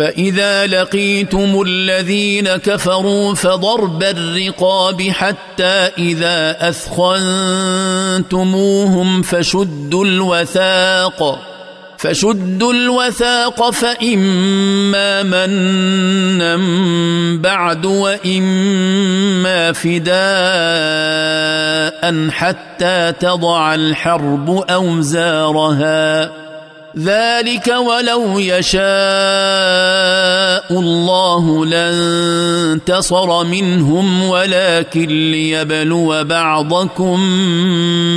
فاذا لقيتم الذين كفروا فضرب الرقاب حتى اذا اثخنتموهم فشدوا الوثاق فشدوا الوثاق فاما منا بعد واما فداء حتى تضع الحرب اوزارها ذلك ولو يشاء الله لانتصر منهم ولكن ليبلو بعضكم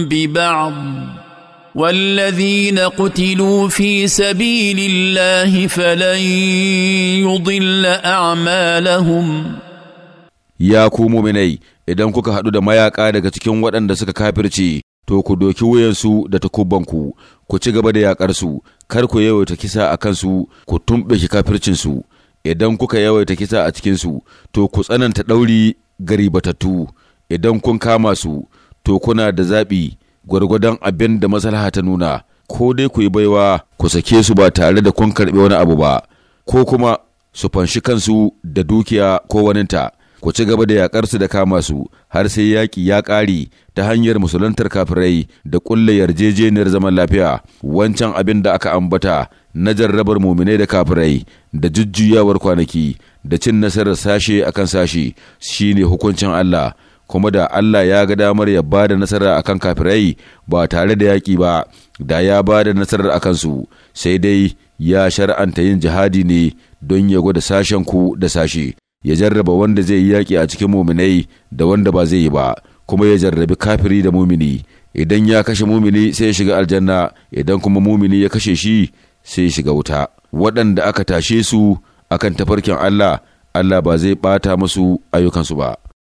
ببعض والذين قتلوا في سبيل الله فلن يضل اعمالهم يا كومو مني idan kuka haɗu da mayaƙa daga cikin waɗanda suka kafirce to ku doki wuyansu da takubanku ku ci gaba da yaƙarsu, kar ku yawaita kisa a kansu, ku tumɓe kafircinsu, idan kuka yawaita kisa a cikinsu, to ku tsananta ɗauri batattu idan kun kama su, to kuna da zaɓi gwargwadon abin da maslaha ta nuna, ko dai ku yi baiwa ku sake su ba tare da kun karɓi wani abu ba, ko kuma su fanshi kansu da dukiya ko waninta. ku ci gaba da yaƙarsu da kama su har sai yaƙi ya ƙare ta hanyar musulantar kafirai da ƙulla yarjejeniyar zaman lafiya wancan abin da aka ambata na jarrabar muminai da kafirai da jujjuyawar kwanaki da cin nasarar sashe akan sashe shine hukuncin Allah kuma da Allah ya ga damar ya ba da nasara akan kafirai ba tare da yaƙi ba da ya ba da nasarar akan su sai dai ya shar'anta yin jihadi ne don ya gwada sashen ku da sashe ya jarraba wanda zai yi yaƙi a cikin muminai da wanda ba zai yi ba kuma ya jarrabi kafiri da mumini idan ya kashe mumini sai ya shiga aljanna idan kuma mumini ya kashe shi sai ya shiga wuta waɗanda aka tashe su akan tafarkin Allah Allah ba zai ɓata musu ayyukansu ba